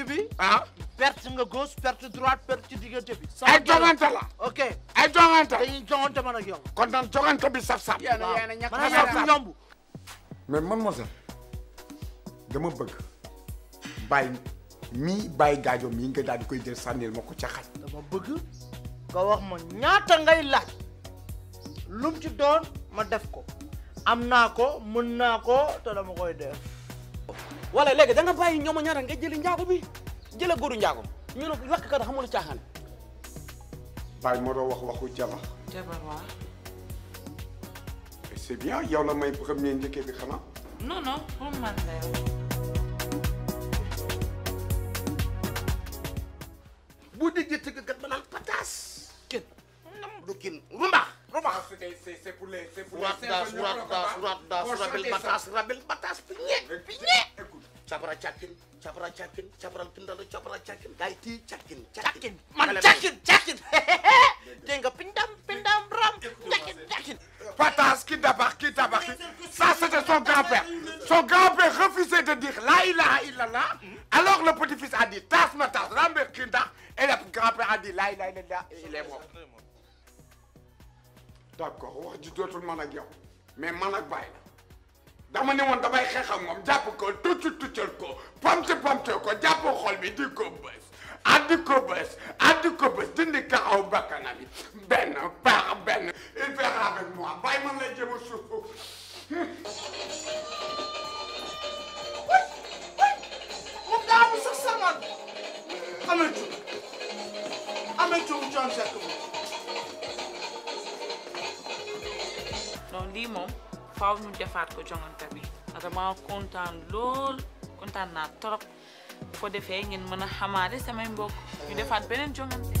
ci bi. ah perte nga gauche perte droite perte ci diggante bi. ay jongante la. ok ay jongante. dañuy jongante man ak yow. bi saf-saf. yéen yomb yomb. mais mademoiselle dama bëgg bàyyi mii bàyyi gaajo mii nga daal di koy jël sànnil ma ko ca xaj. dama bëgg nga wax ma ñaata ngay laaj lum ci doon ma def ko am naa ko mën naa ko te dama koy def. wala léegi da nga bàyyi ñooma ñaar nga jëli njaago bi jëla góoru njaago ñu ne lakkat xamul caaxaan bàyyi moo doon wax waxu jabar jabar waaw yow la may premier njëkkee bi xanaa non non pour man la boo déggee ba naan pataas. kenn du kin rumbax. rumbax ah, c'est pour les c'est pour capara càkkin capara càkkin capara pindalo capara càkkin gaay tii càkkin càkkin man càkkin càkkin dégg nga pindam pindam ram càkkin càkkin patas qui débarque qui débarque ça c'était son grand-père son grand-père refusait de dire la ilaha illallah alors le petit-fils a dit tas ma tas rambe ki ndax et le grand-père a dit la ilaha illallah et il est mort d'accord wax ji dootul man ak yow mais man ak bàyyi la dama ne woon damay xeex ak moom jàpp ko tuccu tuccal ko pamte pamte ko jàpp xol bi di ko bës addi ko bës addi ko bës dindi kaxaw bakkana bi benn baax benn il fait avec moi bàyyi man lay jëm a suuf daamu sax saman ametu ametu John Seck non lii faaw ñu defaat ko jongante bi vraiment kontaan lool kontaan naa trop foo defee ngeen mën a xamaale samay mbokk ñu defaat beneen jongante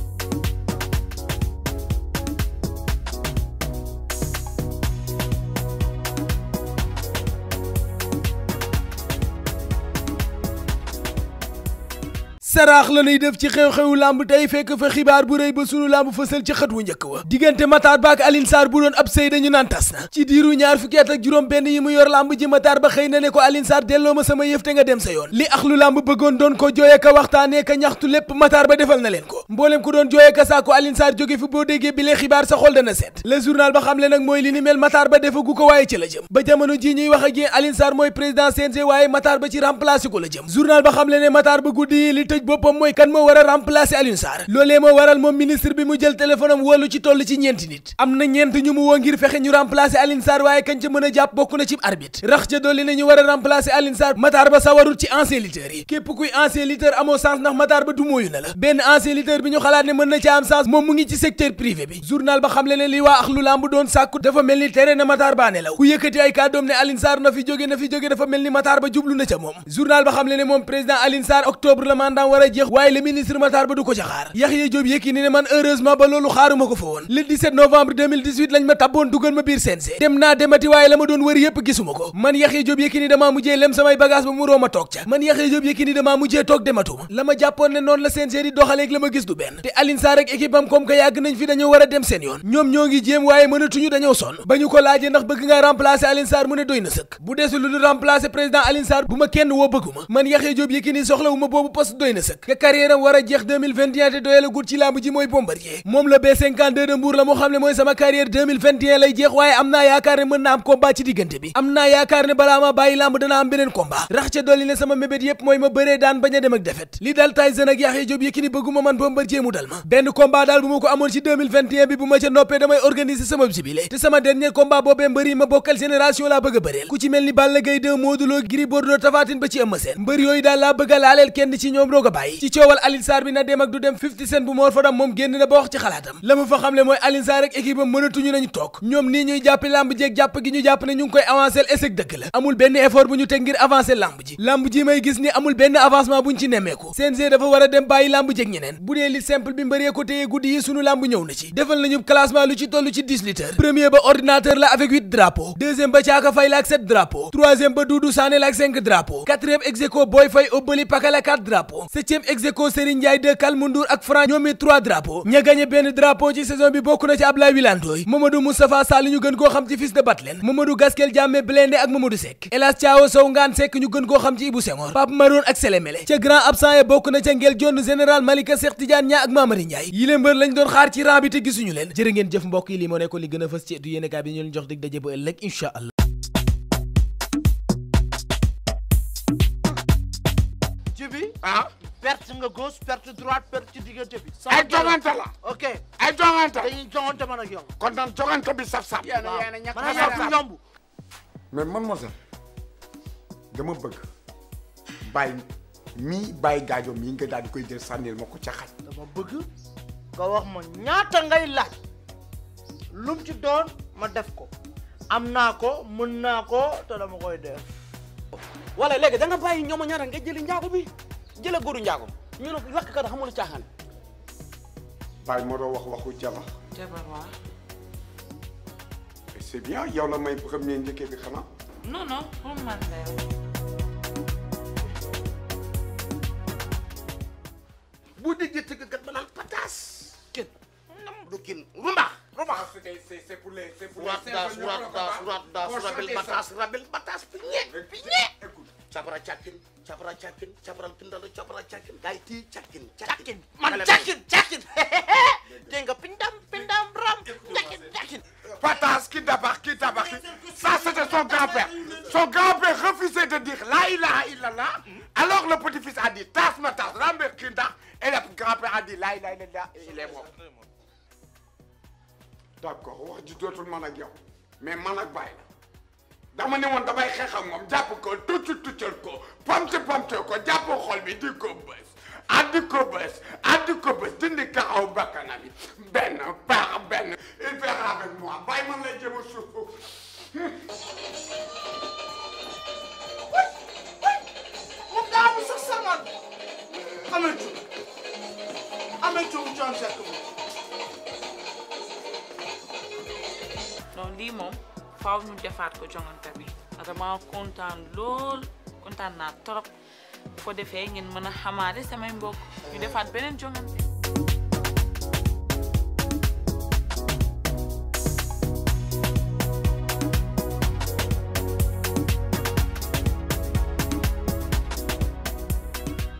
saraax la nuy def ci xew-xewu lamb tey fekk fa xibaar bu rëy ba sunu lamb fësal ci xët wu njëkk wa diggante Matar Ba ak Alioune bu doon ab sëy dañu naan tas na ci diiru ñaar fukki ak juróom benn yi mu yor lamb ji Matar Ba xëy na ne ko Alioune delloo ma sama yëf nga dem sa yoon li ax lu bëggoon doon ko jooye ka waxtaanee ka ñaxtu lépp Matar Ba defal na leen ko mbooleem ku doon jooye ka saako jóge fi boo déggee bi xibaar sa xol ba xamle nag mooy li ni mel waaye ci la jëm ba jamono ji ñuy wax ak yéen Alioune Sarr mooy président laaj boppam mooy kan moo war remplacer Alioune loolee moo waral moom ministre bi mu jël téléphone am ci toll ci ñeenti nit am na ñeent ñu mu woo ngir fexe ñu remplacer Alioune waaye kañ ca mën a jàpp bokk na ci arbitre rax ca dolli na ñu war remplacer Alioune Sarr Ba sawarul ci ancien lutteur yi képp kuy ancien lutteur amoo sens ndax Matar Ba du mooyu na la benn ancien lutteur bi ñu xalaat ne mën na ca am sens moom mu ngi ci secteur privé bi journal war a jeex waaye le ministre Matar Ba du ko ca xaar Yaxya Jóob Yékini ne man heureusement ba loolu xaaruma ko fa woon le 17 novembre 2018 ma tàbboon dugal ma biir CNG dem naa demati waaye la ma doon wër yépp gisuma ko man Yaxya Jóob Yékini damaa mujjee lem samay bagage ba mu roo toog ca man Yaxya Jóob Yékini damaa mujjee toog dematuma la ma jàppoon ne noonu la CNG di doxaleeg la ma gis du benn te Alioune ak équipe am a ko laajee na sëkk bu na sëkk ka carrière am war a jeex 2021 te doyal a gut ci lamb ji mooy Bombardier moom la a dem ak defet li dal benn combat daal bu ma ko amoon ci 2021 bi bu ma ca noppee damay organiser sama jubilé te sama dernier combat boobee mbëri ma bokkal génération laa bëgg a bëreel ku ci mel ni Balla Gaye 2 Modou Lo Gris Bordeaux ba ci Eumeu Sène mbër yooyu daal laa bëgg laaleel kenn ci ñoom roog ko bàyyi ci coowal Alioune Sarr bi na dem ak du dem 50 Cent bu Mor Fadam moom génn na ba wax ci xalaatam la mu fa xamle mooy Alioune ak équipe mënatuñu nañu toog ñoom nii ñuy jàppi làmb ji jàpp gi ñu jàpp ne koy avancé échec dëgg la amul benn effort bu ñu teg ngir avancé làmb ji làmb ji may gis ni amul benn avancement buñ ci nemmeeku CNG dafa war a dem bàyyi làmb ji ñeneen bu dee li simple bi mbëree ko téye guddi yi sunu làmb ñëw na septième ex aequo Serigne Ndiaye 2 Kalmu ak Franc ñoom trois drapeaux ña gagné benn drapeau ci saison bi bokk na ci Ablaye Wilantooy Mamadou Moustapha Sall ñu gën koo xam ci fils de Batlen Mamadou Gaskel Diamé Blende ak Mamadou Seck El Hadj Thiaw Sow Ngane Seck ñu gën koo xam ci Ibou Senghor Pape Maroon ak Selemele ca grand absent ya bokk na ca Ngel Jonn général Malika Cheikh Tidiane Niang ak Mamari Ndiaye yile mbër lañ doon xaar ci rang bi te gisuñu leen jërë a perte nga gauche perte droite perte ci diggante bi. ay jongante la. ok ay jongante. dañuy jongante man ak yow. man ak yow dama bëgg bàyyi mii bàyyi gaajo mii nga daal di koy jël sànnil ma ko ca xaj. dama bëgg nga ma ñaata ngay laaj lum ci doon ma def ko am naa ko mën naa ko ta dama koy def. wala léegi da nga bàyyi ñoom ñaata nga jëli njaago bi. jëla góoru njaago ñu ne lakkat xamul caaxaan bàyyi ma doon wax waxu jabar jabar waaw c'est bien yow la may premier njëkkee bi xanaa non non pour man bu déggee tëggkat ba naan pataas kenn ah, du kin rumbax rumbax c'est piñe piñe capara càkkin capara càkkin capara pindalo capara càkkin gaay tii càkkin càkkin man càkkin càkkin dégg nga pindam pindam ram càkkin càkkin patas qui débarque qui débarque ça c'était son grand-père son grand-père refusait de dire la ilaha illallah mm-hmm. alors le petit-fils a dit tas na tas rambe ki ndax et le grand-père a dit la ilaha illallah et il est mort d'accord wax ji dootul man ak yow mais man ak bàyyi la dama ne woon damay xeex ak moom jàpp ko tucc tuccal ko pamte pamte ko jàpp xol bi di ko bës addi ko bës addi ko bës dindi kaxaw bakkana bi benn baax benn il fait avec moi bàyyi man la jëm suuf non lii moom faaw ñu defaat ko jongante bi vraiment kontaan lool kontaan naa trop bu ko defee ngeen mën a xamaale samay mbokk ñu defaat beneen jongante